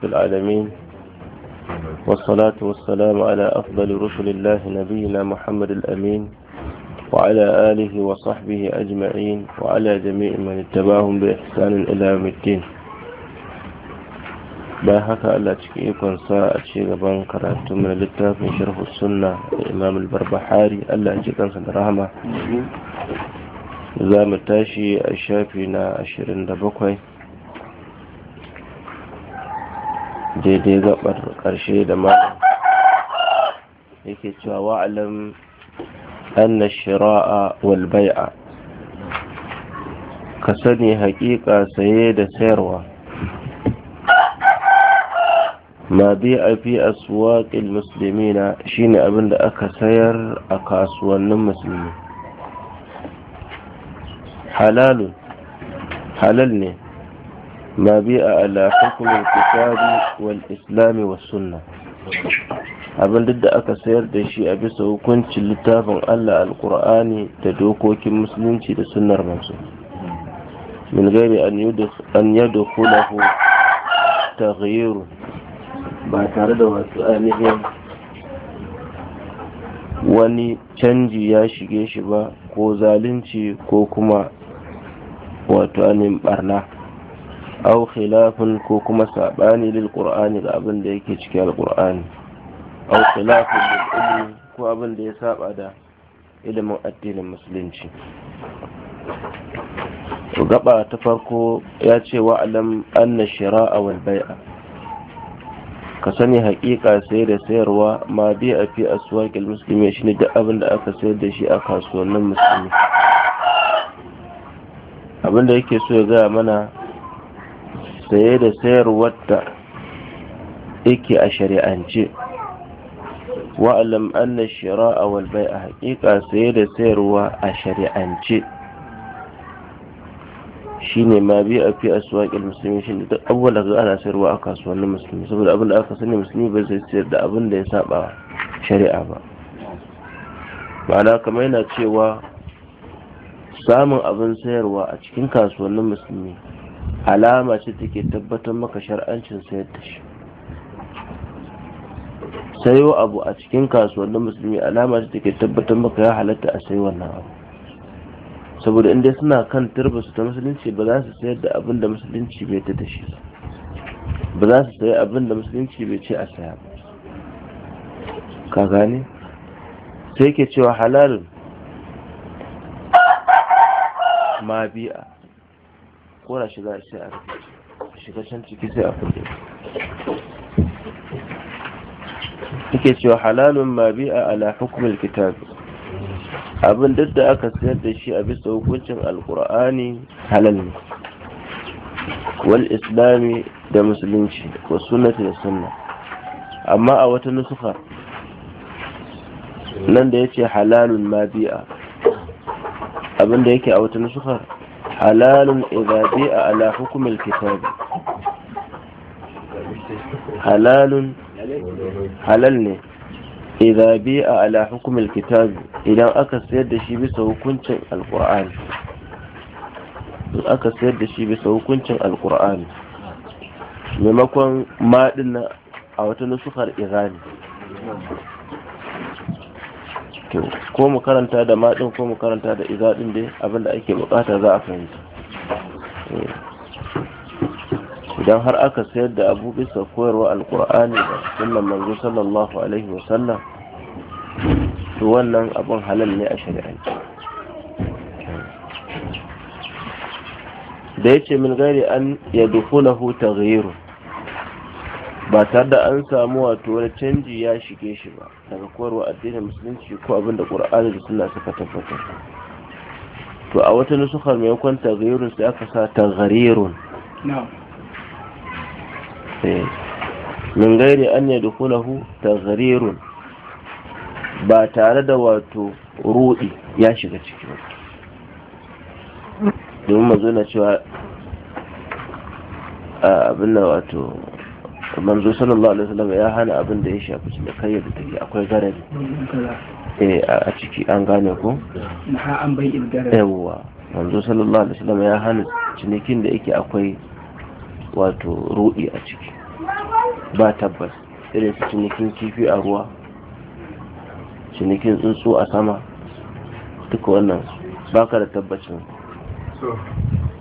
رب العالمين والصلاة والسلام على أفضل رسل الله نبينا محمد الأمين وعلى آله وصحبه أجمعين وعلى جميع من اتباهم بإحسان إلى يوم الدين bayan haka Allah ikon sa a ci gaban karatu mai littafin sharhu sunna da imam al Allah ji kansa da rahama za mu tashi a shafi na 27 daidai gabar karshe da ma yake cewa wa'alam anna shira'a wal ka sani hakika saye da sayarwa ma bi a fi musulmi musulmina shine abin da aka sayar a kasuwannin musulmi halalun halal ne ما بيئة على حكم الكتاب والإسلام والسنة abin duk da aka sayar da shi a bisa hukuncin littafin Allah alkur'ani da dokokin musulunci da sunnar masu. min gari an yadda kulahu ta ba tare da wasu ainihin wani canji ya shige shi ba ko zalunci ko kuma wato ainihin barna au khilafin ko kuma saɓani lil qur'ani ga abin da yake ciki al qur'ani au khilafin lil ilmi ko abin da ya saba da ilimin addinin musulunci gaba ta farko ya ce wa alam anna shira'a wal bai'a ka sani hakika sai da sayarwa ma bi a fi aswaqil muslimi shine duk abin da aka sayar da shi a kasuwannin musulmi abin da yake so ya gaya mana saye da sayarwar da yake a shari'ance wa'alam anna shira'a wal bai'a haƙiƙa saye da sayarwa a shari'ance shine ma bi a fi aswaqil musulmi shi ne duk abubuwan da ana sayarwa a kasuwannin musulmi saboda abin da aka sani musulmi bai zai sayar da abin da ya saba shari'a ba ma'ana kamar yana cewa samun abin sayarwa a cikin kasuwannin musulmi alama ce take tabbatar maka shar'ancin sayar da shi sayo abu a cikin kasuwannin musulmi alama ce take tabbatar maka ya halatta a sayi wannan abu saboda inda suna kan turba su ta musulunci ba za su sayar da abin da musulunci bai ta da shi ba za su sayi abin da musulunci bai ce a saya ba ka gane sai ke cewa halalun ma bi'a kora shiga sai a shiga can ciki sai a fito yake cewa halalun ma a ala hukumar kitab abin duk da aka sayar da shi a bisa hukuncin alkur'ani halal ne wal islami da musulunci wa sunnati da sunna amma a wata nusufa nan da ya ce halalun ma bi'a abin da yake a wata nusukar halalun izabi a ala hukumar halal ne izabi a kitabi idan aka sayar da shi bisa hukuncin alkur'ani in aka sayar da maimakon a wata nusukar irani to ko mu karanta da maɗin ko mu karanta da izaɗin dai da ake bukata za a fahimta eh. idan har aka sayar da abu bisa koyarwa alkur'ani da sunan manzo sallallahu alaihi wasallam to wannan abin halal ne a shari'a da yace min gari an yadkhulahu taghyiru ba tare da an samu wato wani canji ya shige shi ba daga koyarwa addinin musulunci ko abin da ƙur'ani da suna suka tabbatar to a wata nusukar maimakon tagayirun sai aka sa tagarirun eh. min gairi an ya hu tagarirun ba tare da wato rudi ya shiga ciki ba domin mazo na cewa abin da wato manzo sallallahu alaihi wasallam ya hana abin da ya shafi cinikayyar da take akwai garin eh, a ciki an gane ko yawwa manzo sallallahu alaihi wasallam ya hana cinikin da yake akwai wato rudi a ciki ba tabbas irin su cinikin kifi a ruwa cinikin tsuntsu a sama duka wannan baka da tabbacin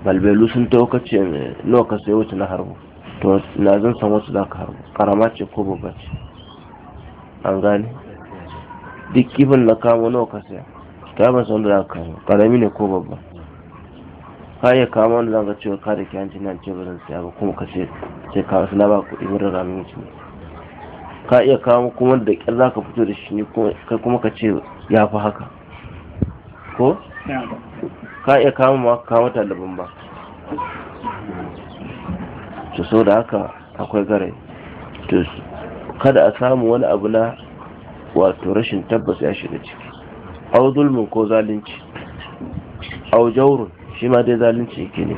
balbelu sun taukace nawa ka sayo na harbu to na zan san wasu za ka karama ce ko babba ce an gane duk kifin na kamo nawa ka saya ta ban san da za ka kamo karami ne ko babba ka iya kamo wanda za ka cewa ka da kyanci nan ce ba zan saya ba kuma ka ce sai ka wasu na ba kuɗi wurin ramin mutum ka iya kamo kuma da ƙyar za ka fito da shi ne kuma ka ce ya fi haka ko ka iya kamo ma ka kamo talibin ba to so da haka akwai garai to kada a samu wani abu na wato rashin tabbas ya shiga ciki au zulmin ko zalunci au jaurun shi ma dai zalunci yake ne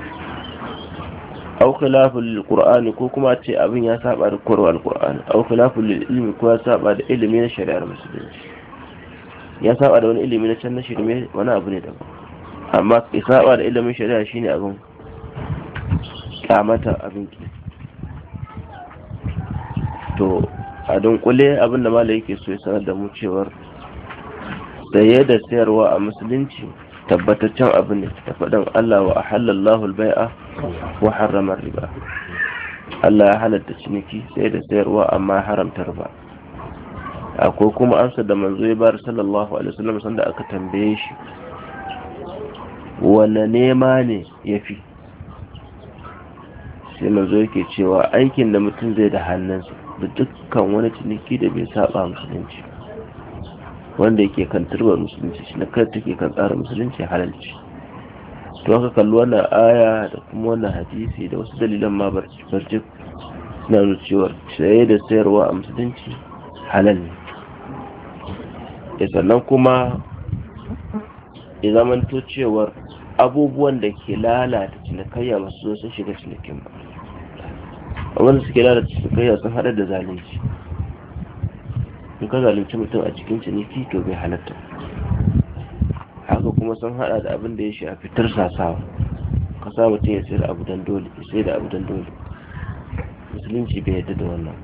au khilafin lil ko kuma ce abin ya saba da korwa alqur'ani au khilafin ilmi ko ya saba da ilimi na shari'ar musulunci ya saba da wani ilimi na can na shirme wani abu ne daban amma ya saba da ilimin shari'a shine abin kamata abin ki to a dunkule abinda mala yake so ya sanar da mu cewar saye da sayarwa a musulunci tabbataccen abu ne ta faɗin Allah wa ahallallahu albai'a wa harrama riba Allah ya halatta ciniki sai da sayarwa amma haramtar riba akwai kuma amsa da manzo ya bar sallallahu alaihi wasallam sanda aka tambaye shi wanne nema ne yafi sai manzo yake cewa aikin da mutum zai da hannunsa da dukkan wani ciniki da bai saba musulunci wanda yake kan turbar musulunci shi na take kan tsara musulunci halalci to haka kalli wannan aya da kuma wannan hadisi da wasu dalilan ma barci suna nuna shaye da sayarwa a musulunci halal ne ya eh, sannan kuma ya zamanto cewar abubuwan da ke lalata cinikayya masu zo sun shiga cinikin ba wanda suke lalata su kai sun haɗar da zalunci in ka zalunci mutum a cikin ciniki to bai halatta haka kuma sun haɗa da abin da ya shi a fitar sasawa ka sa mutum ya sayar abu don dole ya sayar da abu don dole musulunci bai yadda da wannan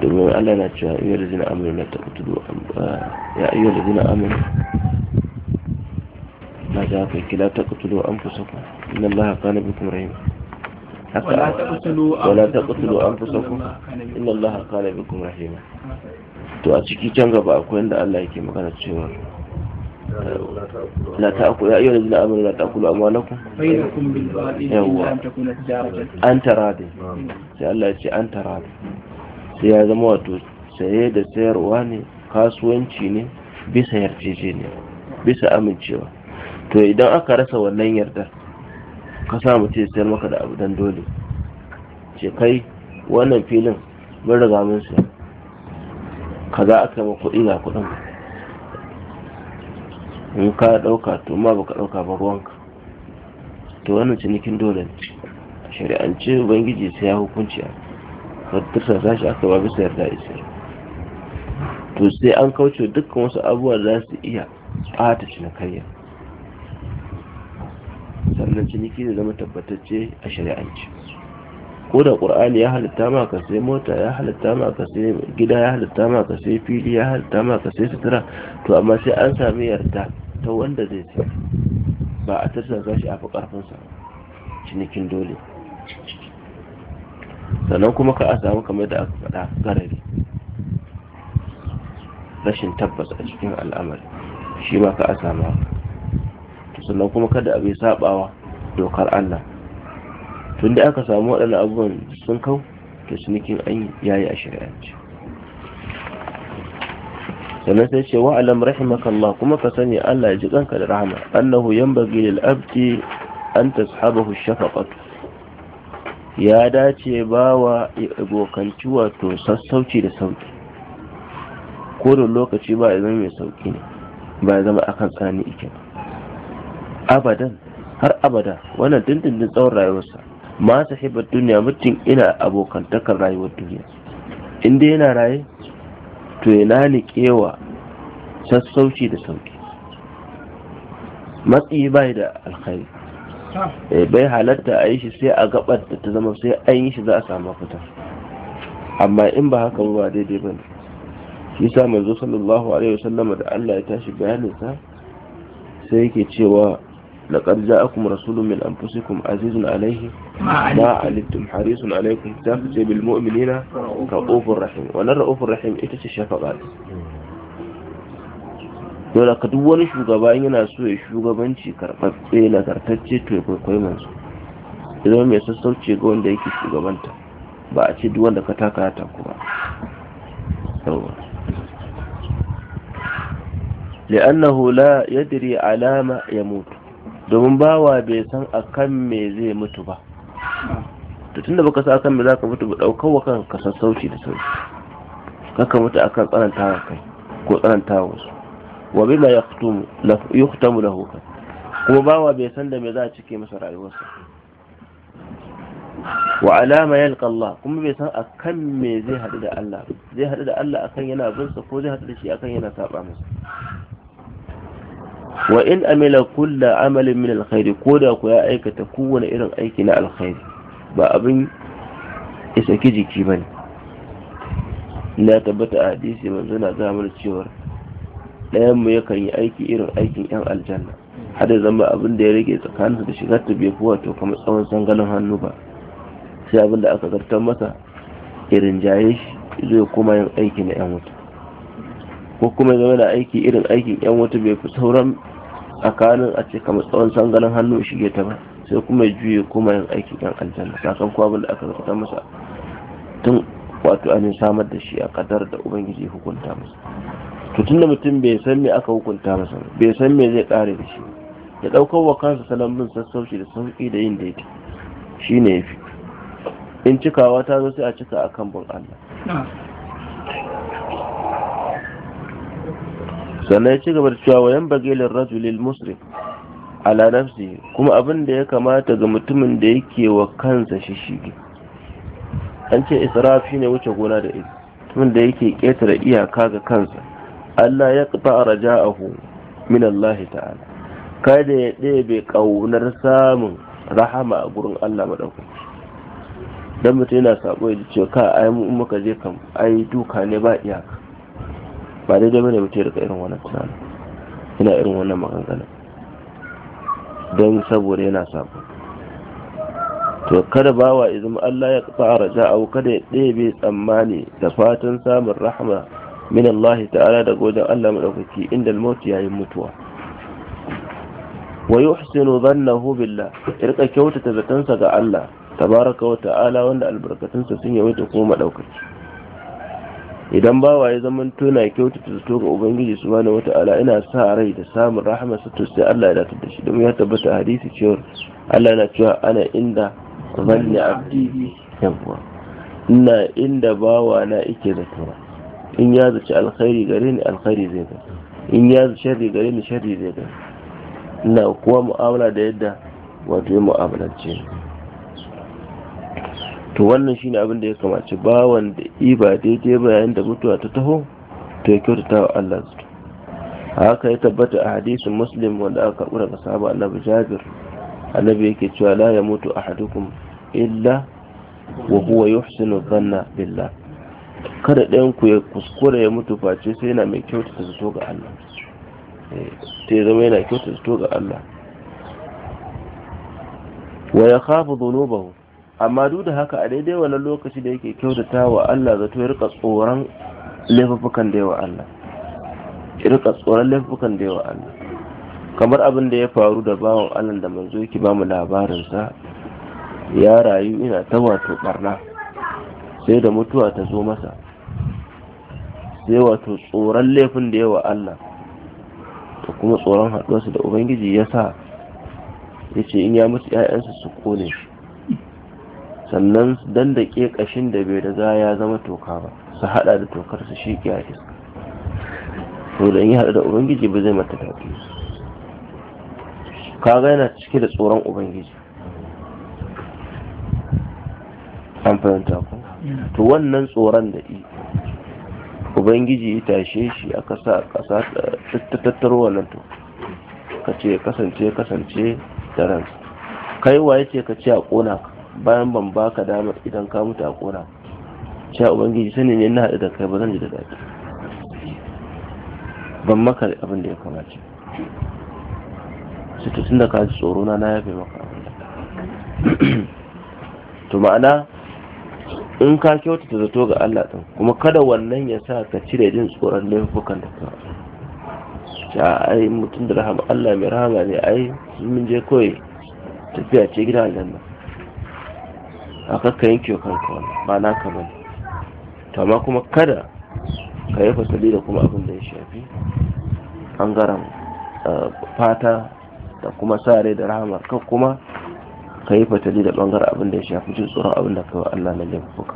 domin allah na cewa iya da zina amur na ta kutu ya iya da zina amur na ta kai kila ta kutudu an fusa ku inna allaha kana kuma rahim ولا تقتلوا ولا تقتلوا أنفسكم إن الله كان بكم رحيما to a ciki can gaba akwai inda Allah yake magana cewa la ta'kulu ya ayyuhal ladina amanu la ta'kulu amwalakum bainakum bil batil illa an takuna tijaratan tarade sai Allah ya ce an tarade sai ya zama wato saye da sayarwa ne kasuwanci ne bisa yarjejeniya bisa amincewa to idan aka rasa wannan yardar ka sa mutum ya sayar maka da abu dan dole ce kai wannan filin mun riga mun Ka za aka yi kuɗi ga kuɗin in ka ɗauka to ma ba ka ɗauka ba ruwanka to wannan cinikin dole ne a shari'ance ubangiji sai ya hukunci a fattarsa za shi aka ba bisa yarda isa to sai an kauce dukkan wasu abubuwa za su iya ɓata cinikayya na ciniki da zama tabbatacce a shari'anci ko da ƙur'ani ya halitta ma ka sai mota ya halitta ma ka sai gida ya halitta ma ka sai fili ya halitta ma ka sai sutura to amma sai an sami yarda ta wanda zai sai ba a tattaka shi a fi ƙarfinsa cinikin dole sannan kuma ka a samu kamar da aka faɗa garari rashin tabbas a cikin al'amari shi ma ka a samu sannan kuma kada a bai saɓawa dokar Allah tun da aka samu waɗannan abubuwan sun kau ta cinikin an yayi a shari'arci sannan sai ce wa'alam Allah kuma ka sani Allah ya ji kanka da rahama annahu yanbaghi lil abdi an tashabahu shafaqatu ya dace bawa abokanci wato sassauci da sauki ko da lokaci ba zama mai sauki ne ba ya zama akan tsani ike abadan har abada wannan dindindin tsawon rayuwarsa ma sahibar duniya mutum ina abokantakar rayuwar duniya inda yana raye to yana kewa sassauci da sauki matsi bai da alkhairi eh, bai halatta a yi shi sai a gabar da ta zama sai an yi shi za a samu fita amma in ba haka ba daidai ba ne shi sa manzo sallallahu alaihi sallama da Allah ya tashi bayaninsa sai yake cewa لقد جاءكم رسول من أنفسكم عزيز عليه ما علمتم حريص عليكم تفزي بالمؤمنين رؤوف الرحيم وانا رؤوف الرحيم إتش الشفقات dole ka duk wani shugaba yana so ya shugabanci karɓaɓɓe nagartacce to ya kwaikwayi manzo idan mai sassauce ga wanda yake shugabanta ba a ce duk wanda ka taka ya taku ba li'annahu la yadri alama ya mutu domin bawa bai san akan me zai mutu ba to tunda baka san akan me za ka mutu ba ɗaukar wa kanka sassauci da sauki kaka mutu akan wa kai ko wa su wa bima yaqtumu da lahu kuma bawa bai san da me za a cike masa rayuwarsa wa alama yalqa Allah kuma bai san akan me zai hadu da Allah zai hadu da Allah akan yana bin sa ko zai hadu da shi akan yana saba masa wa in amila kulla amalin min alkhairi ko da ku ya aikata kowane irin aiki na alkhairi ba abin isa ki jiki ba ne na tabbata a hadisi ba zana ga cewar cewa ɗayan mu yakan yi aiki irin aikin yan aljanna hada zama abin da ya rage tsakaninsu da shigar ta bai kuwa kamar tsawon sangalin hannu ba sai abin da aka zartar masa irin jaye shi zai kuma yin aiki na yan wuta ko kuma ya zama aiki irin aikin yan wata bai fi sauran tsakanin a ce kamar tsawon sanganin hannu shige ta ba sai kuma ya juye kuma yin aikin yan aljanna sakamakon abin da aka rubuta masa tun wato an samar da shi a kadar da ubangiji hukunta masa to da mutum bai san me aka hukunta masa bai san me zai kare da shi ya daukar wa kansa salon bin sassauci da sauki da yin daidai ya fi in cikawa ta zo sai a cika akan bin Allah sannan ya ci gaba da cewa wayan bagelin rajulil musri ala nafsi kuma abin da ya kamata ga mutumin da yake wa kansa shishigi an ce israf shine wuce gona da ita mutumin da yake ƙetare iyaka ga kansa Allah ya kafa raja'ahu min Allah ta'ala kada ya ɗebe ƙaunar samun rahama a gurin Allah madaukaki dan mutum yana sabo ya ce ka ai mu muka je kan ai duka ne ba iyaka ba daidai bane mutum ya rika irin wannan tunanin ina irin wannan maganganu don saboda yana sabo to kada bawa izin Allah ya kafa au kada ya ɗebe tsammani da fatan samun rahma min Allah ta'ala da godan Allah madaukaki inda al-maut yayin mutuwa wa yuhsinu dhannahu billah irka kyautata zatansa ga Allah tabaraka wa ta'ala wanda albarkatunsa sun yawaita kuma madaukaki idan bawa ya zama tuna kyautata zato ga ubangiji wata ala ina sa rai da samun rahama sa sai Allah ya datar da shi domin ya tabbata hadisi cewa Allah na cewa ana inda zanni abdi yankuwa ina inda bawa na ike zato in ya zaci alkhairi gare ni alkhairi zai ga in ya zaci sharri gare ni sharri zai ga ina kuwa mu'amala da yadda wato ya mu'amalance ni to wannan shine abin da ya kamaci bawan da ba daidai bayan da mutuwa ta taho to ya kyautata wa Allah zato haka ya tabbata a hadisin muslim wanda aka karɓi daga sahaba annabi jabir annabi yake cewa la ya mutu ahadukum illa wa huwa yuhsinu dhanna billah kada ɗayan ku ya kuskura ya mutu face sai yana mai kyautata zato ga Allah eh, sai zama yana ta zato ga Allah wa ya khafu dhunubahu amma duk da haka a daidai wani lokaci da yake kyautata wa Allah zato ya rika tsoron laifukan da yawa Allah ya rika tsoron laifukan da yawa Allah kamar abin da ya faru da bawan Allah da manzo yake ba mu labarin sa ya rayu ina ta wato barna sai da mutuwa ta zo masa sai wato tsoron laifin da yawa Allah da kuma tsoron haɗuwarsa da Ubangiji ya sa ya ce in ya mutu ƴaƴansa su kone shi sannan dan da ke kashin da bai riga ya zama toka ba su hada da tokar su shi ke ake su da yi hada da ubangiji ba zai mata su kaga yana cike da tsoron ubangiji an fahimta ku to wannan tsoron da i ubangiji ya tashe shi aka sa kasa ta tattaro wannan to ka ce kasance kasance da ransa kai waye ce ka ce a ƙona ka bayan ban baka damar idan ka mutu a kora sha ubangiji sani ne na haɗu da kai ba zan ji da daɗi ban maka abin da ya kamace su tun da ka ji tsoro na na yafe maka abin da to ma'ana in ka kyautata zato ga Allah ɗin kuma kada wannan ya sa ka cire jin tsoron laifukan da ka ta ai mutum da rahama Allah mai rahama ne ai mun je koyi tafiya ce gidan aljanna a kakka yanke wa kanka wani ba na ka bane to amma kuma kada ka yi fasali da kuma abin da ya shafi bangaren eh, fata da kuma sa rai da Rahama kan kuma ka yi fatali da bangaren abin da ya shafi jin tsoron abin da kai wa Allah na laifuka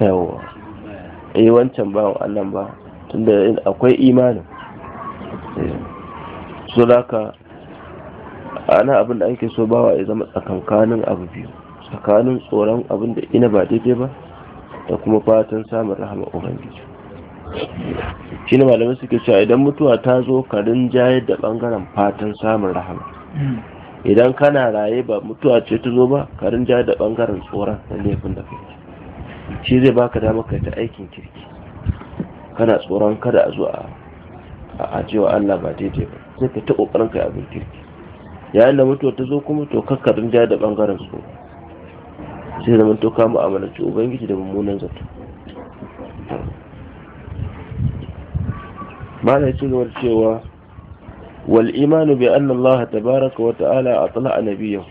yawa eh wancan ba wa Allah ba tunda akwai imanin eh. so da ka ana abin da ake so bawa ya zama tsakankanin abu biyu tsakanin tsoron abin da ina ba daidai ba da kuma fatan samun rahama ubangiji shi ne malamai suke cewa idan mutuwa ta zo karin jaye da bangaren fatan samun rahama idan kana raye ba mutuwa ce ta zo ba karin jaye da bangaren tsoron da laifin da kai shi zai baka damar kai ta aikin kirki kana tsoron kada a zo a cewa Allah ba daidai ba sai ka ta kokarin kai abin kirki yayin da mutuwa ta zo kuma to kakkarin ja da bangaren su sai zama to ka ubangiji da mummunan zato mana ya ci gaba cewa wal imanu bi anna Allah tabaraka wa ta'ala atla'a nabiyyu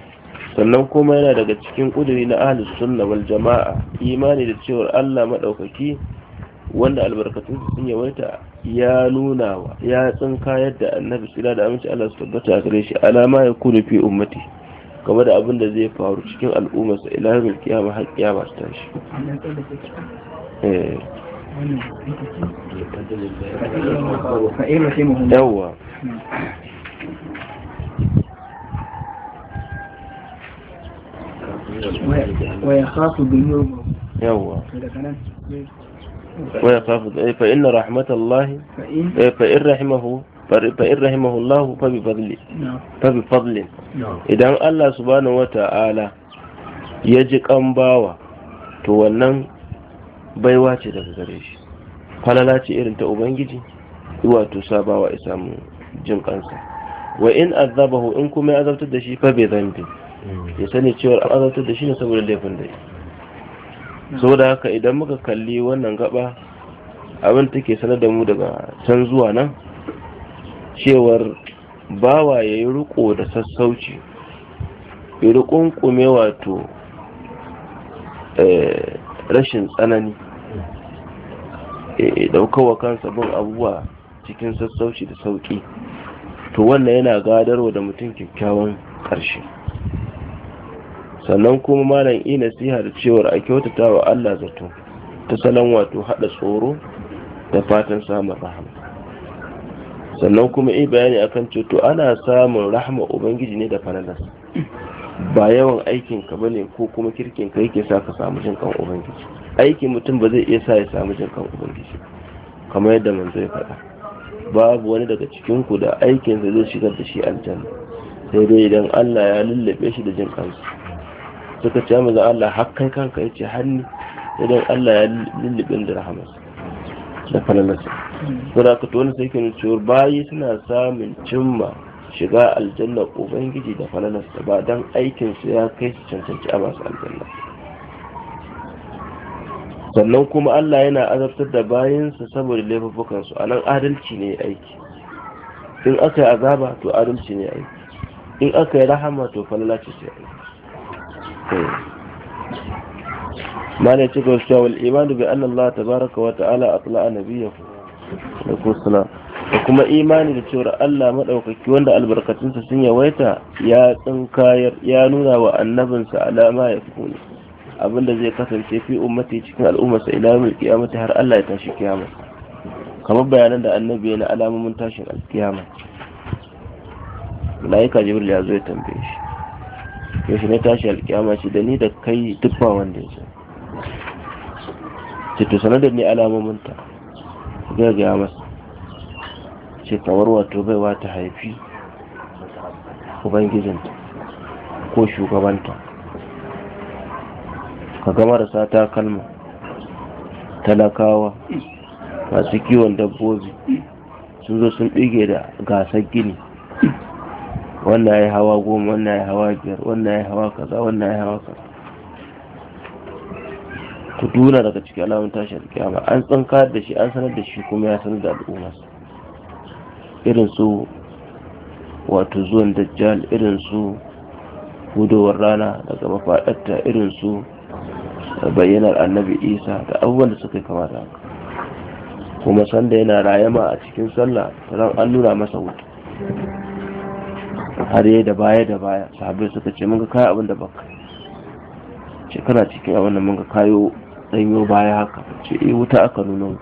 sannan kuma yana daga cikin kuduri na ahli sunna wal jama'a imani da cewar Allah maɗaukaki, wanda albarkatun sun yawaita ya nuna wa ya tsinka yadda annabi sila da aminci Allah su tabbata a gare shi alama ya kunu fi ummati game da abin da zai faru cikin al'ummar sa ila yawmil qiyamah har qiyama ta tashi yawa ويخاف يوه wa yakhafu fa inna rahmatallahi fa in fadlin idan Allah subhanahu wa ta'ala ya ji kan bawa to wannan baiwa ce daga gare shi falala ce irin ta ubangiji wato sabawa ya samu jin kansa wa in azabahu in kuma ya azabtar da zambi ya sani cewa azabtar da shi saboda laifin da da haka idan muka kalli wannan gaba abin take sanar da mu daga can zuwa nan cewar bawa ya yi riko da sassauci ya kume wato eh, rashin tsanani daukawa eh, kansa bin abubuwa cikin sassauci da sauki to wannan yana gadarwa da mutum kyakkyawan ƙarshe sannan kuma malam yi nasiha da cewar a kyautata wa Allah zato ta salon wato hada tsoro da fatan samun rahama sannan kuma yi bayani akan ceto ana samun rahama ubangiji ne da fanadar. ba yawan aikin ka ne ko kuma kirkin ka yake sa ka samu jin kan ubangiji aikin mutum ba zai iya sa ya samu jin kan ubangiji kamar yadda manzo ya faɗa babu wani daga cikinku da aikinsa zai shigar da shi aljanna sai dai idan Allah ya lullabe shi da jin kansa suka ce mu Allah hakkan kanka yace hannu idan Allah ya lullubin da rahama da falalarsa da ka tona sai kan cewa bayi suna samun cimma shiga aljanna ubangiji da falalarsa ba dan aikin su ya kai su cancanci a masu aljanna sannan kuma Allah yana azabtar da bayansa saboda laifukan su anan adalci ne aiki in aka yi azaba to adalci ne aiki in aka yi rahama to falala ce aiki ما نتيجة الشيء والإيمان بأن الله تبارك tabaraka أطلع نبيه عليكم السلام da kuma imani da cewar Allah maɗaukaki wanda albarkatunsa sun yawaita ya tsinkayar ya nuna wa annabinsa alama ya fi abinda zai kasance fi ummati cikin al'ummarsa ila mai kiyamata har Allah ya tashi kiyama kamar bayanan da annabi na alamomin tashin alkiyama malaika jibril ya zo ya tambaye shi yaushe na tashi alkiyama ce da ni da kai duk ba wanda ya san ce to sanar da ni alamominta zai gaya masa ce kamar wato bai wata haifi ubangijinta ko shugabanta ka ga marasa takalma talakawa masu kiwon dabbobi sun zo sun ɗige da gasar gini wannan ya yi hawa goma wannan ya hawa biyar wannan ya hawa kaza wannan ya hawa kaza ku tuna daga ciki alamun tashar kiyama an tsanka da shi an sanar da shi kuma ya sanar da al'umma irin su wato zuwan dajjal irin su gudowar rana daga mafaɗarta irin su bayyanar annabi isa da abubuwan da suka kama da haka kuma sanda yana rayama a cikin sallah ta an nuna masa wuta har yi da baya da baya sahabai suka ce mun ga kai abin da baka kana cikin abin da mun ga kayo danyo baya haka ce eh wuta aka nuno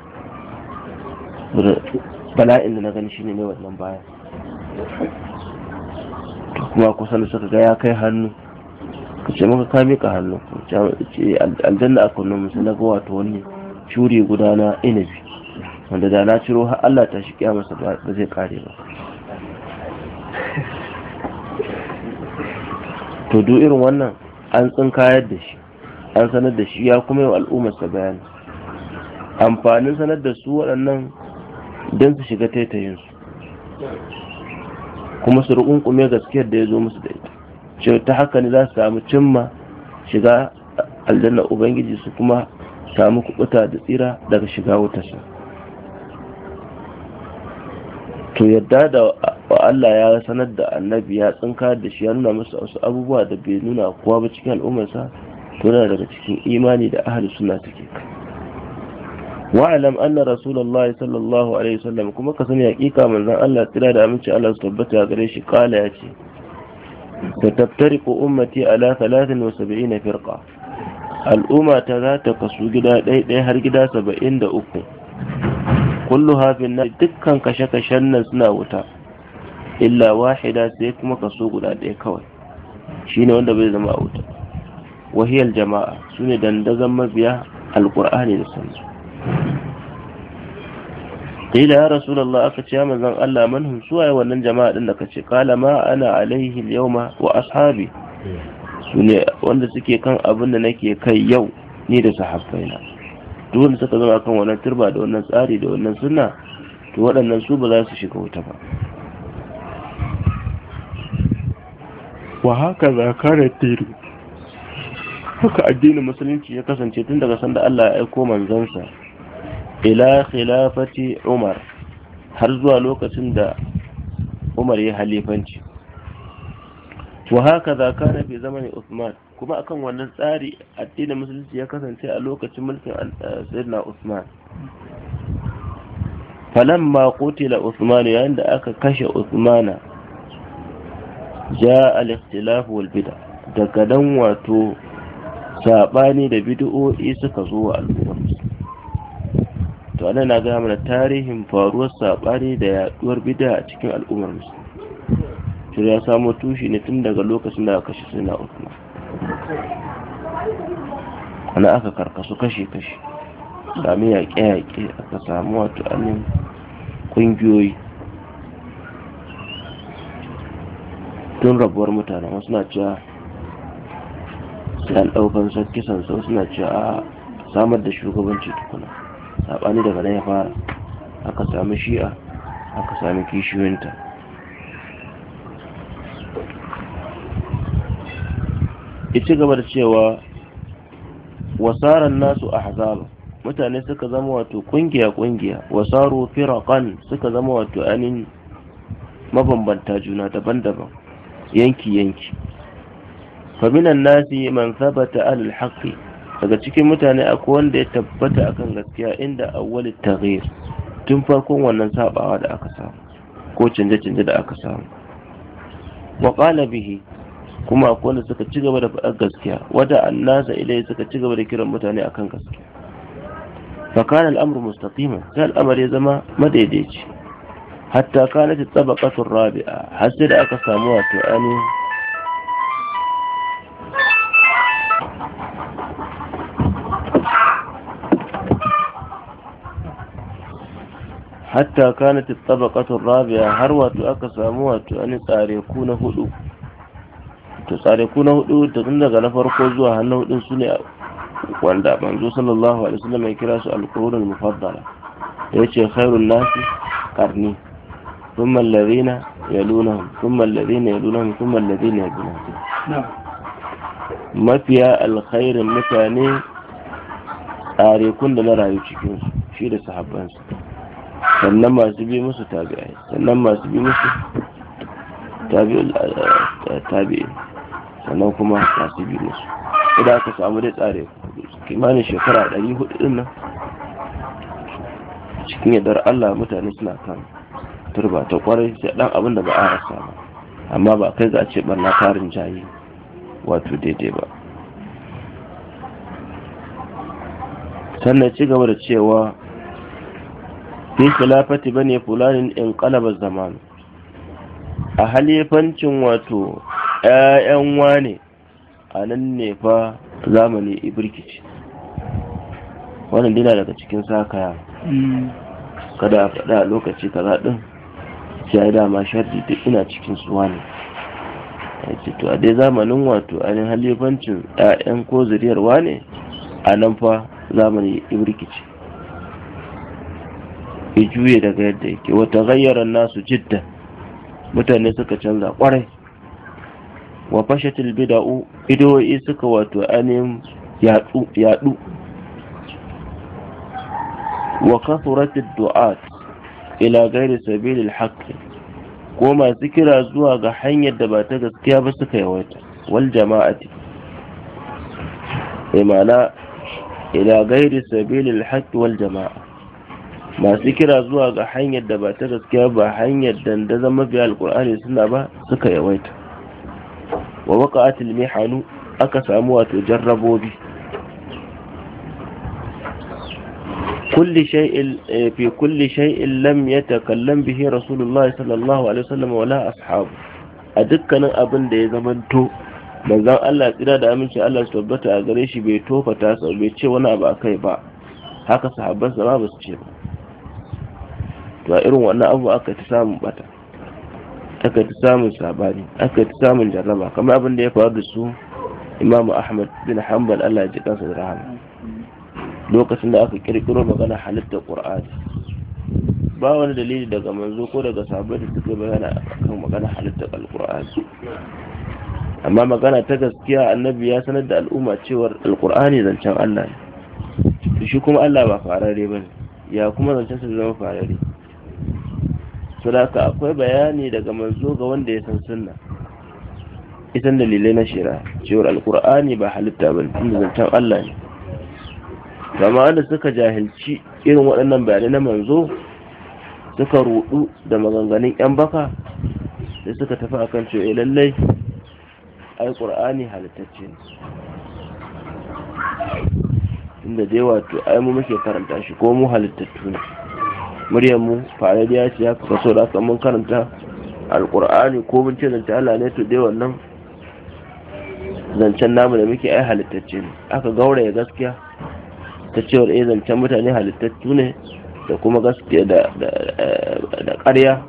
bala'in da na gani shine ne wannan baya to kuma kusan suka ga ya kai hannu ka ce maka ka hannu ce aljanna aka nuna musu na ga wato wani shuri guda na inabi wanda da na ciro har Allah ta shi kiyama ba zai kare ba to duk irin wannan an tsinkayar da shi an sanar da shi ya kuma yi al'ummarsa bayani amfanin sanar da su waɗannan don su shiga taitayinsu kuma su rukunkume gaskiyar da ya zo musu da ita ce ta haka ne za su samu cimma shiga aljanna ubangiji su kuma samu kubuta da tsira daga shiga wutarsa to yadda da Allah ya sanar da annabi ya tsinka da shi ya nuna masa wasu abubuwa da bai nuna kowa ba cikin al'ummarsa to daga cikin imani da ahli suna take wa'alam anna rasulullah sallallahu alaihi wasallam kuma ka sani hakika manzon Allah tira da aminci Allah su tabbata gare shi kala ya ce tattaftariqu ummati ala 73 firqa al'umma ta za ta kasu gida ɗaya har gida uku. kullu hafin na dukkan kashe-kashen nan suna wuta illa wahida sai kuma kaso guda ɗaya kawai shine wanda bai zama a wuta wahiyar jama'a su ne dandazon mabiya alkur'ani da sunna da ya Allah aka ce manzon Allah manhum yi wannan jama'a din da kace kala ma ana alaihi yau ma wa ashabi su ne wanda suke kan abin da nake kai yau ni da sahabbaina duk wanda suka zama kan wannan turba da wannan tsari da wannan sunna to waɗannan su ba za su shiga wuta ba wa haka zakara tiru haka addinin musulunci ya kasance tun daga sanda Allah ya aiko manzansa ila khilafati Umar har zuwa lokacin da Umar ya halifanci wa haka zakara fi zamanin Usman, kuma akan wannan tsari addinin musulunci ya kasance a lokacin mulkin eh, Sayyidina usman falamma qutila Usman yayin da aka kashe Usmana. ja al-ikhtilaf wal bid'a daga dan wato sabani da bid'o'i suka zo wa al'umma to ana na ga mana tarihin faruwar sabani da yaduwar bid'a a cikin al'ummar musulmi to ya samo tushe ne tun daga lokacin da aka kashe suna uku ana aka karkasu kashe-kashe sami yaƙe-yaƙe aka samu wato annin ƙungiyoyi tun rabuwar mutanen wasu na cewa sai an ɗaukan sarki sansa wasu na cewa a samar da shugabanci tukuna saɓani daga nan ya fara aka sami shi'a aka sami kishiyoyinta ita gaba da cewa wasarar nasu a hazaba mutane suka zama wato kungiya-kungiya wasaru firakan suka zama wato anin mabambanta juna daban-daban yanki yanki faminan nasi man sabata alal haqqi daga cikin mutane akwai wanda ya tabbata akan gaskiya inda awwalit taghir tun farkon wannan sabawa da aka samu ko canje-canje da aka samu wa bihi kuma akwai wanda suka ci gaba da faɗar gaskiya wada annasa ilai suka ci gaba da kiran mutane akan gaskiya fa kana al'amru mustaqima sai al'amari ya zama madaidaici hatta kanata tabaqatu rabi'a har sai da aka samu wato ani hatta kanata tabaqatu rabi'a har wato aka samu wato ani tsare ku na hudu to tsare ku na hudu da tun daga na farko zuwa har na su ne wanda manzo sallallahu alaihi wasallam ya kira su alqurunul mufaddala yace khairul nasi karni. ثم الذين يلونهم ثم الذين يلونهم ثم الذين mafiya alkhairin mutane ɗarikun da na rayu cikinsu shi da sahabbansu sannan masu bi musu tabi'ai sannan masu bi musu tabi'i kuma aka samu dai tsare kimanin shekara 400 din nan cikin yadda Allah mutane suna kan turba ta kwarai sai dan abin da ba a rasa ba amma ba kai za a ce barna tarin jayi wato daidai ba sannan ci gaba da cewa fi khilafati ne fulanin in qalaba zaman a halifancin wato 'ya'yan wane a nan ne fa zamani ibirkici wannan dina daga cikin sakaya mm. kada a faɗa lokaci kaza ɗin ya dama sharri da ina cikin suwa ne ya to a dai zamanin wato ainihin halifancin 'ya'yan ko zuriyarwa ne a nan fa zamani rikici. ya juye daga yadda yake wata gayyarar nasu jidda mutane suka canza kwarai wa fashatil bida'u idoyi suka wato ainihin yadu wa kasuratid du'at ila gairi sabilil haqqi ko masu kira zuwa ga hanyar da ba ta gaskiya ba suka yawaita wal jama'ati imana ila gairi sabilil haqqi wal jama'a masu kira zuwa ga hanyar da ba ta gaskiya ba hanyar da da zama biya alkur'ani suna ba suka yawaita wa waqa'atil mihanu aka samu wato jarrabobi كل شيء في كل شيء لم يتكلم به رسول الله صلى الله عليه وسلم ولا أصحابه أدكنا أبن دي زمن تو Allah tsira da aminci Allah su tabbata a gare shi bai tofa ta sa bai ce wani abu akai ba haka sahabban sa ba su ce ba to a irin wannan abu aka ta samun bata aka ta samun sabani aka ta samun jarraba kamar abin da ya faru da su Imam Ahmad bin Hanbal Allah ya ji da rahama lokacin da aka kirkiro magana halittar qur'ani ba wani dalili daga manzo ko daga sahabbai da suka bayana kan magana halittar alqur'ani amma magana ta gaskiya annabi ya sanar da al'umma cewar alqur'ani zancen Allah ne shi kuma Allah ba farare ne, ya kuma zancen sa zama farare saboda akwai bayani daga manzo ga wanda ya san sunna isan dalilai na shira cewar alqur'ani ba halitta ba, ne zancen Allah ne zama wanda suka jahilci irin waɗannan bayanai na manzo suka rudu da maganganun 'yan baka da suka tafi akan cewa eh, lallai ai qur'ani halittacce ne inda dai wato ai mu muke karanta shi ko mu halittattu ne muryar mu ce ya kaso da aka mun karanta alƙur'ani ko mun ce zance Allah ne to dai wannan zancen namu da muke ai halittacce ne aka gauraya gaskiya ta cewar eh zancen mutane halittattu ne da kuma gaskiya da ƙarya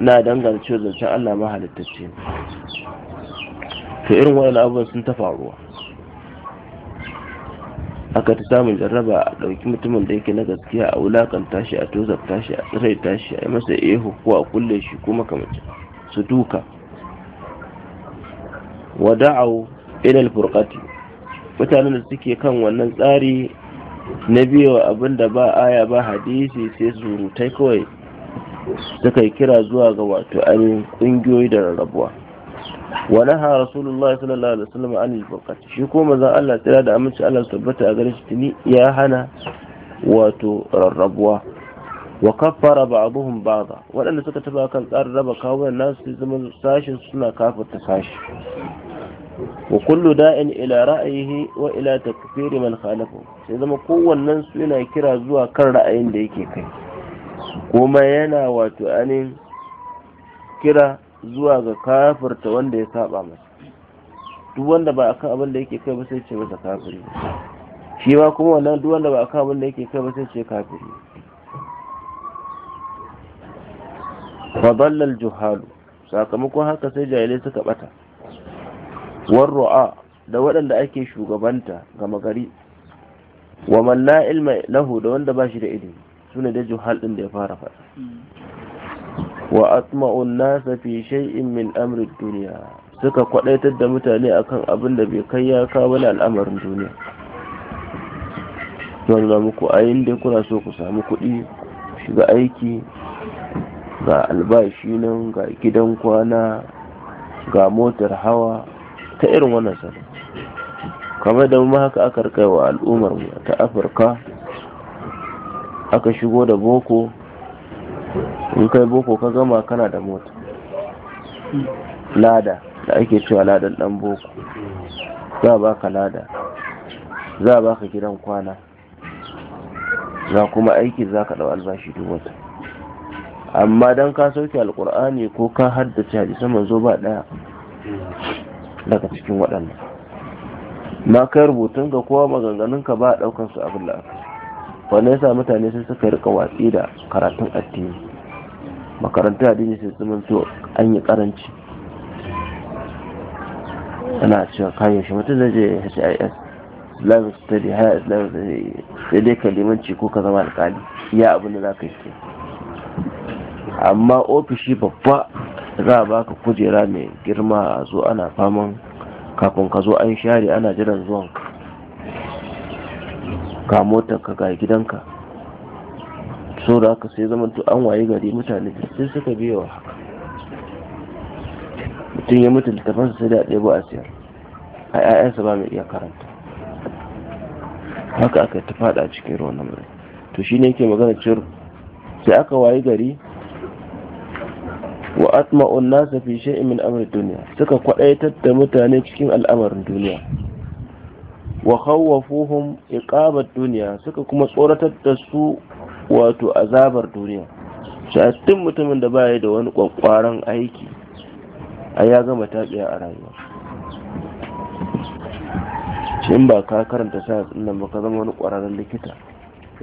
na dangance zancen Allah ma halittacce ne to irin waɗannan abubuwan sun ta faruwa aka ta samun jarraba a ɗauki mutumin da yake na gaskiya a wulakanta shi a tozarta shi a tsiraita shi a yi masa ehu ko a kulle shi kuma makamacin su duka wada'au ilal furqati mutanen da suke kan wannan tsari na biyo abinda da ba aya ba hadisi sai surutai kawai suka yi kira zuwa ga wato ainihin kungiyoyi da rarrabuwa wani ha rasulullah sallallahu alaihi wasallam an yi shi ko mazan allah tsira da aminci allah tabbata a gare shi ya hana wato rarrabuwa wa ba kaffara ba'dhum ba'dha waɗanda suka taba kan tsarin raba kawunan nasu sai zama sashin suna kafarta sashi wa kullu da'in ila ra'ayihi wa ila takfiri man khalafu sai zama kowannen su yana kira zuwa kan ra'ayin da yake kai kuma yana wato anin kira zuwa ga kafirta wanda ya saba masa duk wanda ba akan abin da yake kai ba sai ce masa kafiri shi ba kuma wannan duk wanda ba akan abin da yake kai ba sai ce kafiri fadallal juhalu sakamakon haka sai jahilai suka bata warru'a da waɗanda ake shugabanta gama gari wa man la ilma lahu da wanda ba shi da ilimi sune da juhal din da ya fara faɗa wa atma'u an-nas fi shay'in min amri dunya suka kwadaitar da mutane akan abin da bai kai ya kawo wani al'amarin duniya don ga muku a da kuna so ku samu kuɗi shiga aiki ga albashi nan ga gidan kwana ga motar hawa ta irin wannan sallah kamar da mu haka aka rikai wa al'ummar mu ta afirka aka shigo da boko in kai boko ka gama kana da mota lada da ake cewa ladan dan boko za ba ka lada za ba ka gidan kwana za kuma aiki za ka ɗau albashi duk wata amma don ka sauke alkur'ani ko ka haddace hadisan manzo ba ɗaya daga cikin waɗannan ma kai rubutun ka kowa maganganun ka ba a ɗaukan su abin da wanda yasa mutane sai suka rika watsi da karatun addini Makarantar addini sai tsumanto an yi karanci ana cewa kayan shi mutum zai je HIS Islamic Study haya Islamic Study sai dai kalimanci ko ka zama alkali iya abin da za ka yi amma ofishi babba za a baka kujera mai girma a zo ana faman kafin ka zo an share ana jiran zuwan ka ka motar ka ga gidanka so da haka sai zama to an waye gari mutane sai suka biya wa haka mutum ya mutu littafansa sai da ɗaya ba a siyar a 'ya'yansa ba mai iya karanta haka aka ta fada cikin ruwan nan to shi ne yake magana cewar sai aka wayi gari wa atma'un nasa fi shay'in min duniya suka kwadaitar da mutane cikin al'amarin duniya wa khawwafuhum iqabat duniya suka kuma tsoratar da su wato azabar duniya shatin mutumin da baya da wani kwakwaran aiki a ya gama tabiya a rayuwa in ba ka karanta science din nan ba ka zama wani kwararren likita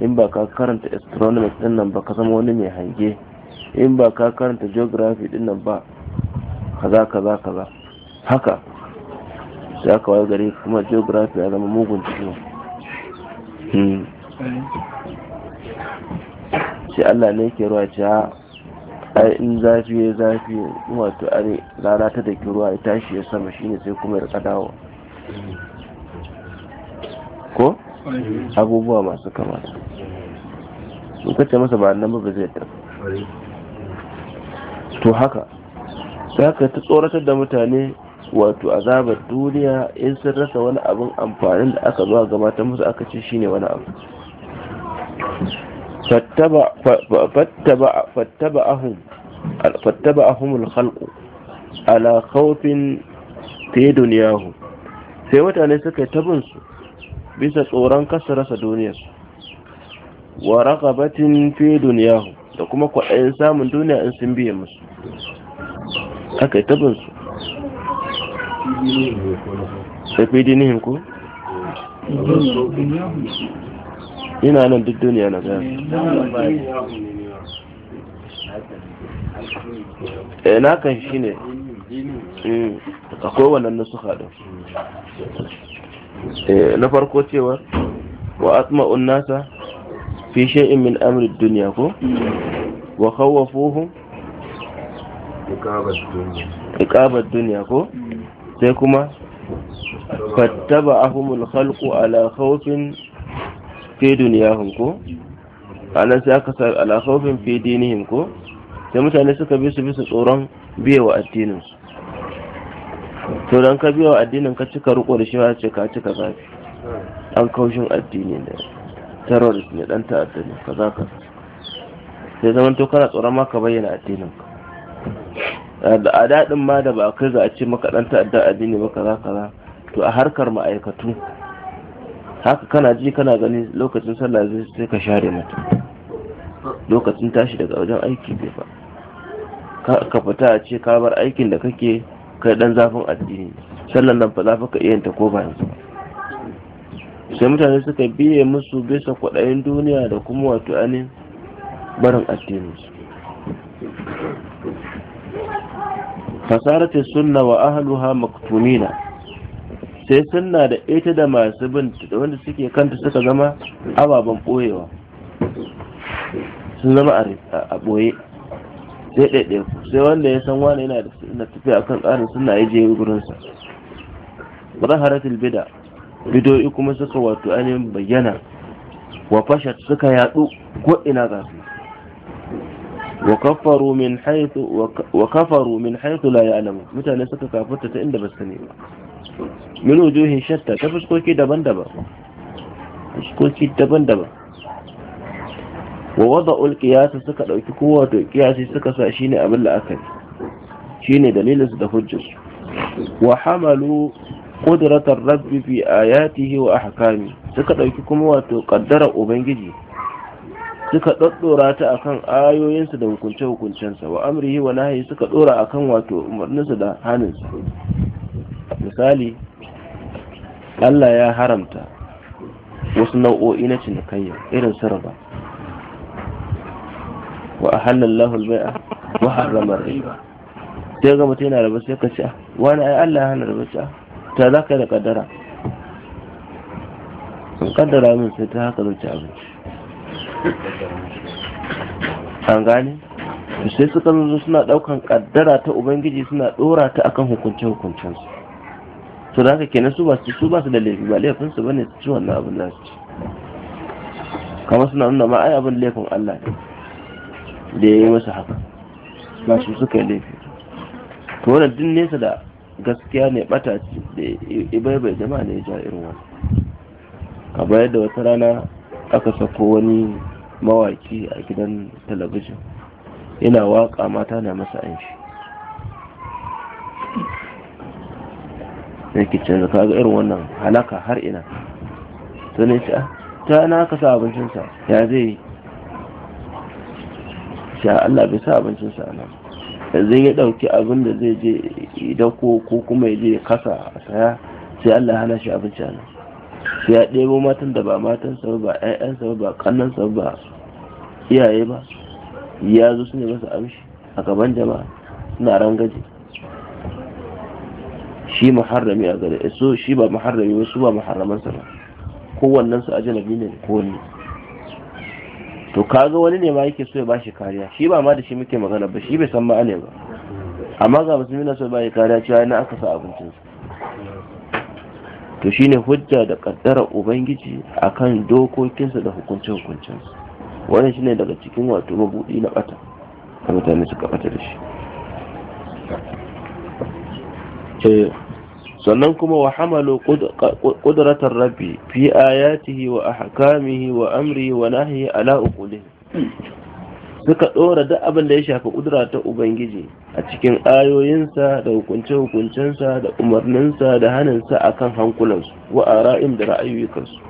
in ba ka karanta astronomy din nan ba ka zama wani mai hange in ba ka karanta geography din nan ba kaza kaza kaza haka Za ka waye gari kuma geography ya zama mugun ciwo hmm. shi Allah ne ke ruwa cewa ah, ai in zafi ya zafi wato are rana ta da ruwa ya tashi ya sama shine sai kuma ya rika dawo ko abubuwa masu kamata Mun kace masa ba nan ba zai tafi to haka za ka ta tsoratar da mutane wato azabar duniya in sun rasa wani abin amfanin da aka zuwa gabatar musu aka ce ne wani abu fattaba ahumul khalqu ala khawfin fi duniyahu sai mutane suka tabin su bisa tsoron kasa rasa duniyar wa raqabatin fi duniyahu da kuma kwaɗayin samun duniya in sun biya musu haka ta bin su tafi dinihin ko ina nan duk duniya na gaya e na kan shi ne mm, a wannan na suka eh, na farko cewa wa asma'un nasa fi shay'in min amri dunya ko wa khawwafuhum iqabat dunya ko sai kuma fattaba'ahumul khalqu ala khawfin fi dunyahum ko anan sai aka sa ala khawfin fi dinihim ko sai mutane suka bi su bi su tsoron biya wa addinin su to dan ka biyewa addinin ka cika riko shi ce ka cika zafi an kaushin addini da terrorist ne dan ta'adda ne kaza ka sai zaman to kana tsoron ma ka bayyana addinin ka a daɗin ma da ba a kai ga a ce maka dan ta'adda addini ba kaza kaza to a harkar ma'aikatu haka kana ji kana gani lokacin sallah zai sai ka share mata. lokacin tashi daga wajen aiki bai ba ka fita a ce ka bar aikin da kake kai dan zafin addini sallan nan fa za ka iya ta ko ba yanzu ba sai mutane suka biye musu bisa kwaɗayin duniya da kuma wato anin barin addininsu fasaratin sunna wa ahluha maktumina sai sunna da ita da masu bin da wanda suke kanta suka zama ababen ɓoyewa sun zama a ɓoye sai ɗaiɗaya sai wanda ya san wani yana da tafiya akan tsarin suna ya je gurinsa zaharatul bida bidoyi kuma suka wato ainihin bayyana wa fasha suka yadu ko ina za su وكفروا من min وكفروا من حيث mutane suka kafarta ta inda ba sani ba min wujuhin shatta ta fuskoki daban-daban fuskoki daban-daban wa wada'u al-qiyas suka dauki kowa to qiyasi suka sa shine abin la'akari shine dalilin su da hujjar wa hamalu ƙuduratar rabbi fi ayatihi wa ahkami suka ɗauki kuma wato ƙaddarar ubangiji suka ɗaɗɗora ta akan ayoyinsa da hukunce-hukuncensa wa amrihi wa nahi suka ɗora akan wato umarninsa da hannunsa misali Allah ya haramta wasu nau'o'i na cinikayya irin sarrafa wa a hannun lahul bai'a wa harramar riba sai ga mutum yana rabu sai ka ci wani ai Allah ya hana rabu ci ta za ka da kadara. in kaddara min sai ta haka zuci abinci an gane sai suka zo suna daukan kaddara ta ubangiji suna dora ta akan hukunce su to da haka kenan su ba su su ba su da laifi ba laifin su bane su ci wannan abin da su ci kamar suna nuna ma ai abin laifin Allah ne da ya yi masa haka ba su suka yi laifi to wannan din nesa da gaskiya ne bata da ibaibai jama'a ne ja irin wani a bayar da wata rana aka sako wani mawaki a gidan talabijin yana waka mata na masa an shi yake canza kaga irin wannan halaka har ina tuni ne a, ah, ta na aka sa abincinsa ya zai sha bai sa abincinsa a nan zai ya ɗauki abin da zai je idan ko kuma ya je kasa a saya sai Allah hana shi abinci nan sai ya ɗebo matan da ba matan sa ba ƴaƴan sa ba kannan sa ba iyaye ba ya zo su ne masa amshi a gaban jama'a suna rangaje shi muharrami a gare shi ba muharrami ba su ba muharraman sa ba kowannen su ajnabi ne ko ne to kaga wani ne ma yake so ya bashi kariya shi ba ma da shi muke magana ba shi bai san ma ne ba amma ga musulmi na so ba ya kariya cewa na aka sa abincin to shine hujja da kaddara ubangiji a kan dokokinsa da hukuncin Wani wannan shine daga cikin wato mabudi na bata da mutane suka bata da shi eh, sannan kuma wa hamalu qudratar rabbi fi ayatihi wa ahkamihi wa amri wa nahyi ala uqulih suka dora duk abin da ya shafi kudura ta ubangiji a cikin ayoyinsa da hukunce-hukuncensa da umarninsa da haninsa akan hankulansu wa ara'im da ra'ayoyinsu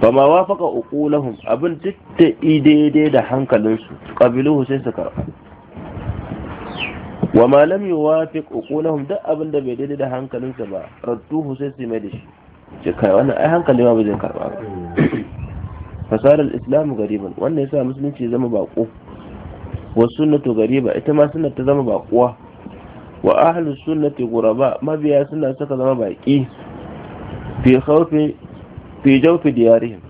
fama wafaka uqulahum abin duk da daidai da hankalinsu qabiluhu sai su karɓa wa malami wa fi uqulahum duk abin da bai daidai da hankalinsa ba radduhu sai su mai da shi ce kai wannan ai hankali ma ba zai karba ba fasarar islam gariban wannan yasa musulunci zama bako wa sunnatu gariba ita ma suna ta zama bakuwa wa ahlus sunnati guraba mabiya suna suka zama baki fi khawfi fi jawfi diyarihim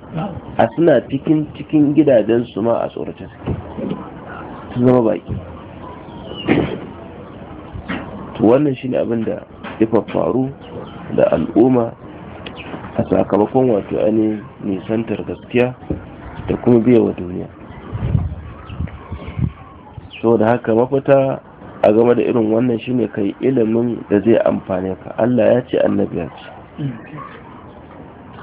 a suna cikin cikin gidajen su ma a tsoratar su zama baki to wannan shine abin da ya faru da al'umma a sakamakon wato ainihin nisantar gaskiya da kuma biya wa duniya so da haka mafita a game da irin wannan shine kai ilimin da zai amfane ka Allah ya ce annabi ya ce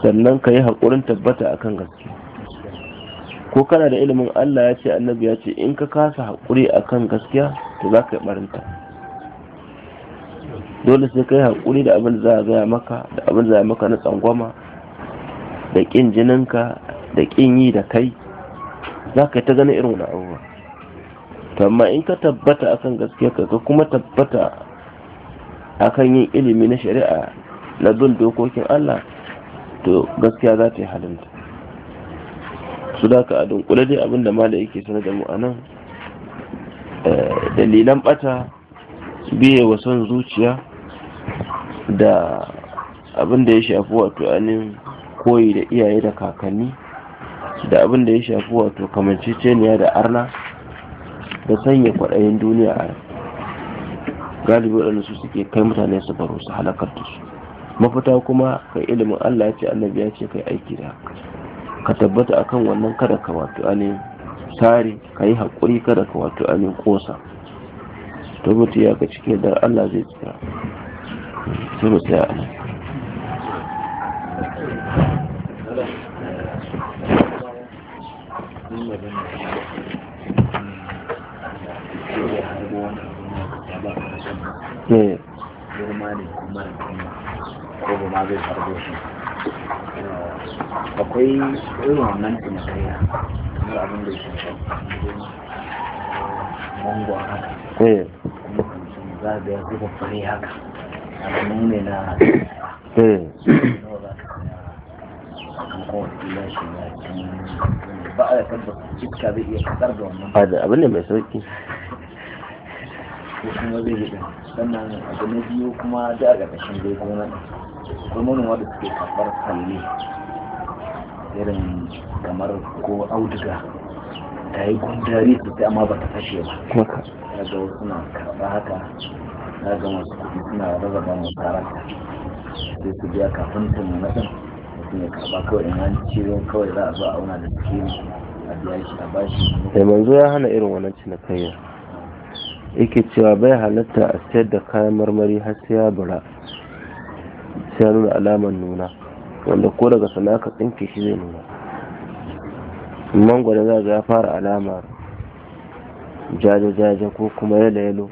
sannan ka yi haƙurin tabbata a kan gaskiya ko kana da ilimin Allah ya ce annabi ya ce in ka kasa haƙuri a kan gaskiya to za ka yi barinta dole sai kai haƙuri da abin za a gaya maka da abin za a maka na tsangwama da ƙin jininka da ƙin yi da kai za ka ta gani irin wani to amma in ka tabbata akan gaskiya ka kuma tabbata akan yin ilimi na shari'a na bin dokokin Allah to gaskiya za ta yi halinta su da ka a dunkule dai abin da mala yake sanar da mu a nan eh, dalilan bata biye wa son zuciya da abin da ya shafi wato anin koyi da iyaye da kakanni da abin da ya shafi wato kamanceceniya da arna da sanya kwaɗayin duniya a galibi waɗanda su suke kai mutane su baro su halakar da su mafita kuma kai ilimin allah ya ce annabi ya ce kai aiki da ka tabbata akan wannan kada ka wato anin ka yi haƙuri kada ka wato anin ƙosa to mutu ya ga cikin da allah zai tsira suru tsaya ne eh. akwai irin wannan tunkariya kamar abin da shi mangwa haka eh. kuma za a biya zuba fari haka abu hmm. ne mai sauki kuma zai yi sannan abu na biyu kuma da a ƙarƙashin zai gona kuma manoma da suke karɓar kalli irin kamar ko auduga ta yi gundari sosai amma ba ta fashe ba kuma ka ga wasu na karɓa haka na ga masu suna rarraba mu tara sai su biya kafin ta nuna ɗin mutum ya karɓa kawai in an ciro kawai za a zo a auna da cikin a biya shi a bashi sai eh, manzo ya hana irin wannan cinikayya yake cewa bai halatta a sayar da kayan marmari har sai ya bura sai ya nuna alamar nuna wanda ko daga sana ka tsinke shi zai nuna mangwada za ga ya fara alama jaje-jaje ko kuma yalo-yalo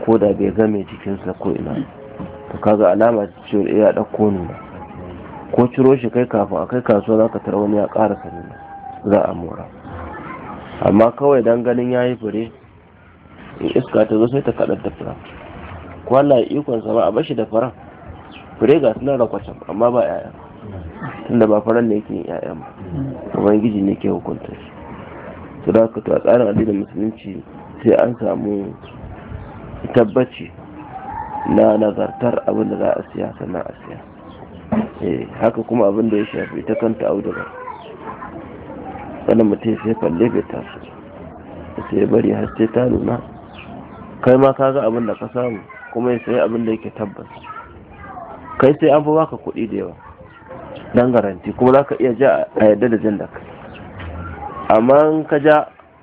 ko da bai ga mai jikinsa ko ina to kaga alama ta cewar iya eh ɗauko nuna ko ciro shi kai kafin a kai kasuwa za ka tara wani ya ƙara nuna za a mora amma kawai dan ganin ya yi fure in iska ta zo sai ta kaɗar da fura ko Allah ya ikon sama a bashi da fara fure ga da rakwacin amma ba 'ya'ya tunda ba faran ne yake 'ya'ya ba ubangiji ne ke hukunta shi to da haka to a tsarin addinin musulunci sai an samu tabbaci na nazartar abin da za a siya sannan a siya eh, haka kuma abin da ya shafi ta kanta auduga wani mutum sai falle bai taso sai bari har ta nuna kai ma ka ga abin da ka samu kuma ya sayi abin da yake tabbas kai sai an fi baka kuɗi da yawa dan garanti kuma za ka iya ja a yadda da jin da amma ka ja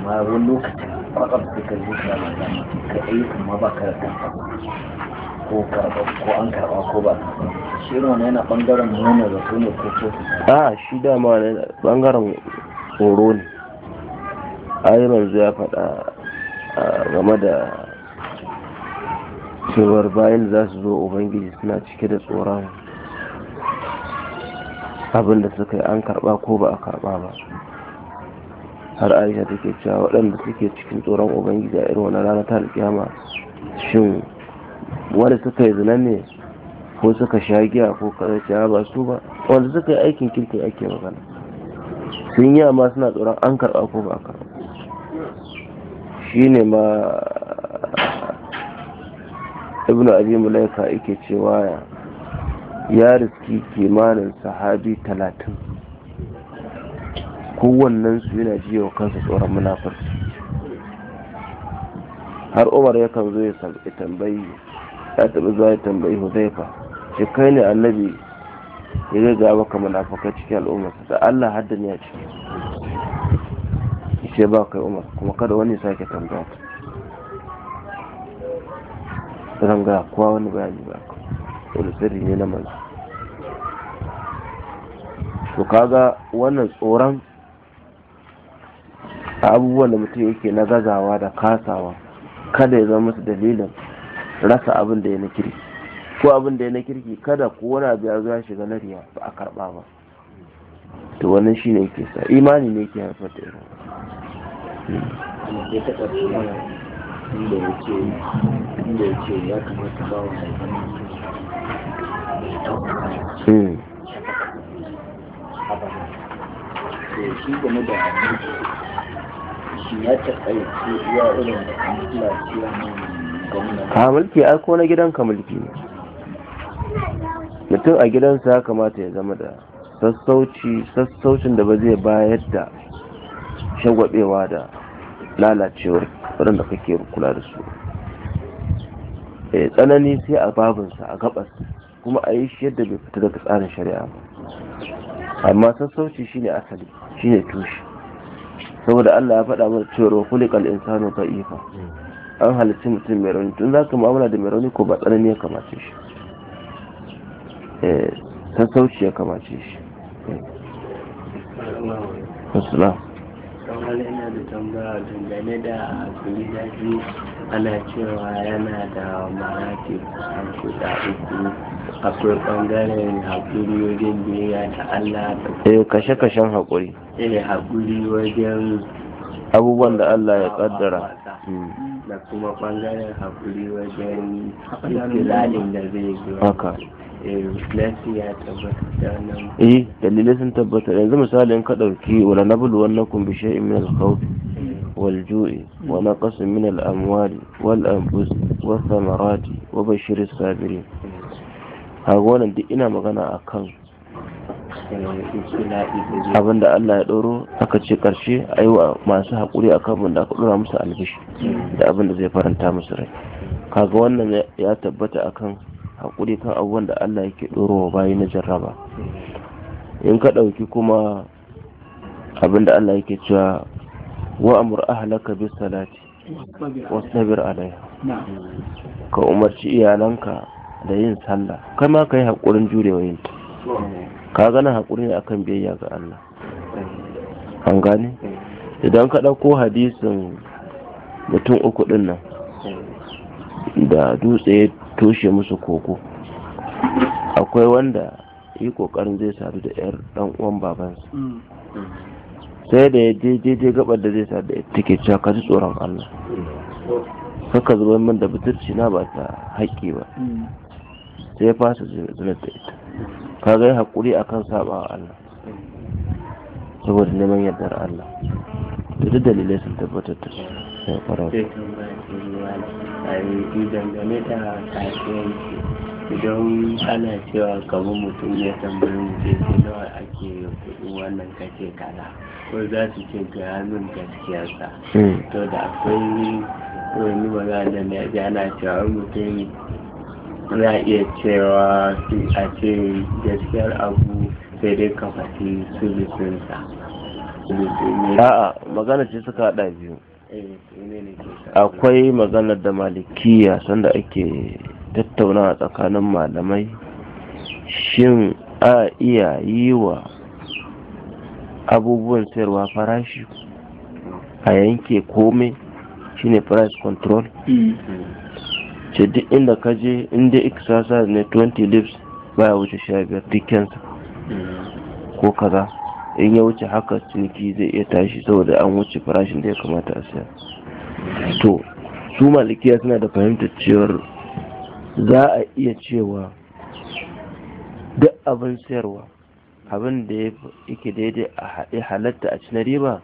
amma wani lokaci, kwakwar da kan zai na a ka ayyukan ma ba ka abu ko karɓa ko an karɓa ko ba shi irin wani yana ɓangaren nuna da su ne ko ko a ah, shi dama ne ɓangaren tsoro ne ai manzo ya faɗa ah, game da cewar bayan za su zo ubangiji suna cike da tsoron abinda suka yi an karɓa ko ba a karɓa ba har aisha ta ke cewa waɗanda suke cikin tsoron ubangiji a irin wannan rana ta alƙiyama shin wanda suka yi zina ne ko suka sha giya ko kaza ba su ba wanda suka yi aikin kirki ake magana sun yi amma suna tsoron an karɓa ko ba karɓa shine ma ibn abi mulaika yake cewa ya riski kimanin sahabi talatin kowannen su yana ji wa kansa tsoron munafurci har umar yakan zo ya tambayi ya taɓa zuwa ya tambayi huzaifa shi kai ne annabi ya gaga maka munafukai cikin al'ummar da allah haddani ya ciki ce ba kai umar kuma kada wani sake tambaya zan ranga kuwa wani bayani ba ka wani sirri ne na manzo to kaga wannan tsoron a abubuwan da mutum yake na gazawa da kasawa kada ya zama musu dalilin rasa abin da ya na kirki ko abin da ya na kirki kada ko wani abu ya zo shiga na riya ba a karba ba to wannan shi ne ke sa imani ne ke haifar da irin inda ya ce ya shi game da mulki ya taƙaice iya irin gwamnati a mulki ai ko na gidanka mulki ne mutum a gidansa ya kamata ya zama da sassauci sassaucin da ba zai bayar da shagwabewa da lalacewar waɗanda kake kula da su eh, tsanani sai a babinsa a gabas kuma a yi shi yadda bai fita daga tsarin shari'a ba amma sassauci shine asali shine tushe saboda Allah ya faɗa mana cewa khuliqal insanu ifa an halarci mutum mai rauni tun za ka mu'amala da mai rauni ko ba tsanani ya kamace shi ta eh, sauci ya kamace shi eh. da tambaya dangane da ana cewa yana da marati kusan guda uku akwai ɓangaren haƙuri wajen biyayya ta Allah eh kashe-kashen haƙuri eh haƙuri wajen abubuwan da Allah ya kaddara hmm. da kuma ɓangaren haƙuri wajen ikilalin da zai zo haka eh, eh dalilai sun tabbata yanzu misali in ka ɗauki wala na bulu wannan kumbi sha'in min al-khawfi والجوع ونقص من الأموال والأنفس والثمرات وبشر الصابرين kaga wannan duk ina magana a kan abinda Allah ya ɗoro aka ce ƙarshe a masu haƙuri a kan da aka ɗora musu albishi da abin da zai faranta musu rai kaga wannan ya tabbata akan haƙuri kan abubuwan da Allah yake wa bayi na jarraba in ka ɗauki kuma abin da Allah yake cewa wa amur ahlaka bis salati sabir alaiha ka umarci iyalanka da yin sallah kai ma ka yi haƙurin jurewa yin ta ka gana hakuri ne akan biyayya ga Allah an gane idan ka ɗauko hadisin mutum uku ɗin nan da dutse ya toshe musu koko akwai wanda yi kokarin zai sadu da 'yar ɗan uwan babansa sai da ya je je gabar da zai sadu da take cewa ka ji tsoron Allah saka zubar min da buturci na ba ta haƙƙi ba sai ya fasa zinar da ita ka ga haƙuri a kan saba wa Allah saboda neman yardar Allah da duk dalilai sun tabbatar da su sai fara sai dangane da kasuwanci idan ana cewa kamar mutum ya tambayi mutum sai nawa ake kuɗi wannan kace kaza ko za su ce ga hannun gaskiyarsa hmm. to da akwai wani magana da na ji ana cewa mutum za a iya cewa a ce gaskiyar abu sai dai ka faɗi sulusunsa a'a magana ce suka haɗa biyu akwai magana da malikiya sanda ake tattauna a tsakanin malamai shin a iya yi wa abubuwan sayarwa farashi a yanke komai shine price control mm. ce duk inda ka je inda iksasa ne 20 lips baya wuce sha dukkansa ko kaza in ya wuce haka ciniki zai iya tashi saboda an wuce farashin da ya kamata a siya to su malikiya suna da fahimtar cewar za a iya cewa duk abin sayarwa abin da ya fi daidai a haɗe halatta a cinari ba riba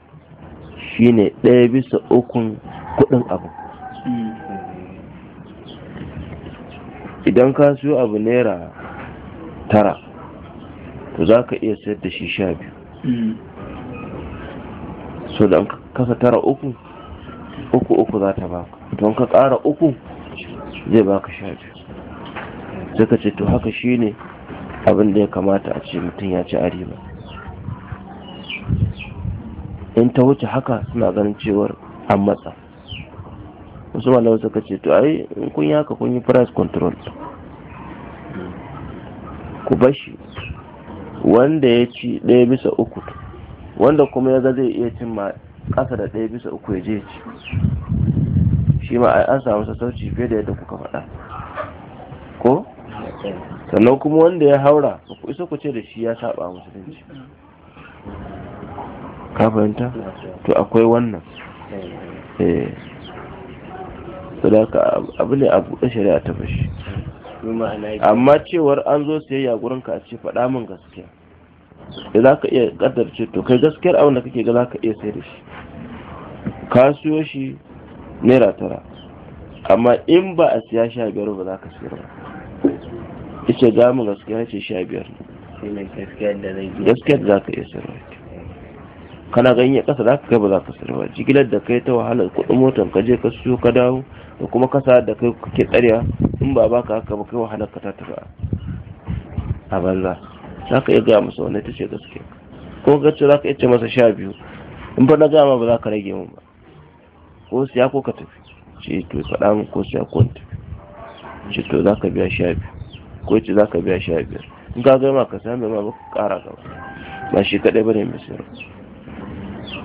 shine ɗaya bisa ukun kuɗin abu idan ka siyo abu naira tara to za ka iya sayar da shi sha biyu mm. so da kasa tara uku uku uku za ta baka don ka ƙara uku zai baka sha biyu sai ka ce to haka shi ne abin da ya kamata a ce mutum ya ci riba. in ta wuce haka suna ganin cewar an matsa wasu wasu suka ce to ai in kun yaka kun yi price control ku bashi wanda ya ci ɗaya bisa uku wanda kuma ya zai iya cin ma ƙasa da ɗaya bisa uku ya je ci shi ma an samu sassauci fiye da yadda kuka faɗa ko sannan kuma wanda ya haura ku isa ku ce da shi ya saba musulunci ka fahimta to akwai wannan eh. sadaka abu ne a buɗe shari'a ta fashi amma cewar an zo siyayya gurin ka a ce faɗa min gaskiya da za ka iya ce to kai gaskiyar abin da kake ga za ka iya sai da shi ka siyo shi naira tara amma in ba a siya sha biyar ba za ka siyar ba ita ga mu gaskiya ce sha biyar gaskiyar da za ka iya siyar kana ganin ya kasa zaka kai ba za ka sayar ba jigilar da kai ta wahala kudin motar ka je ka siyo ka dawo da kuma kasa da kai kake tsariya in ba baka haka ba kai wahalar ka ta tafi a banza za ka iya gaya masa wani ta ce gaske ko ga ce za ka iya ce masa sha biyu in ba na gama ba za ka rage mun ba ko siya ko ka tafi ce to faɗa min ko siya ko tafi ce to za ka biya sha biyu ko ce za ka biya sha biyar in ka gama ka sami ma ba ka kara gaba ba shi kaɗai ba ne mai sayarwa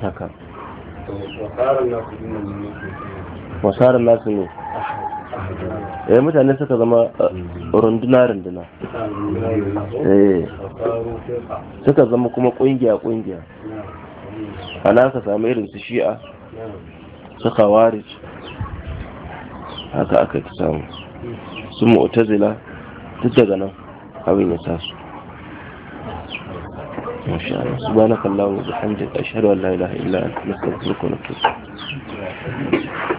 haka wasarar nasu ne yi eh, mutane suka zama mm. uh, runduna runduna eh. suka zama kuma kungiya kungiya ana ka sami irin su shi'a su ware. haka aka ta samu su mu'tazila duk daga nan abin ya su. ما شاء الله سبحانك اللهم وبحمدك أشهد أن لا إله إلا أنت نستغفرك ونتوب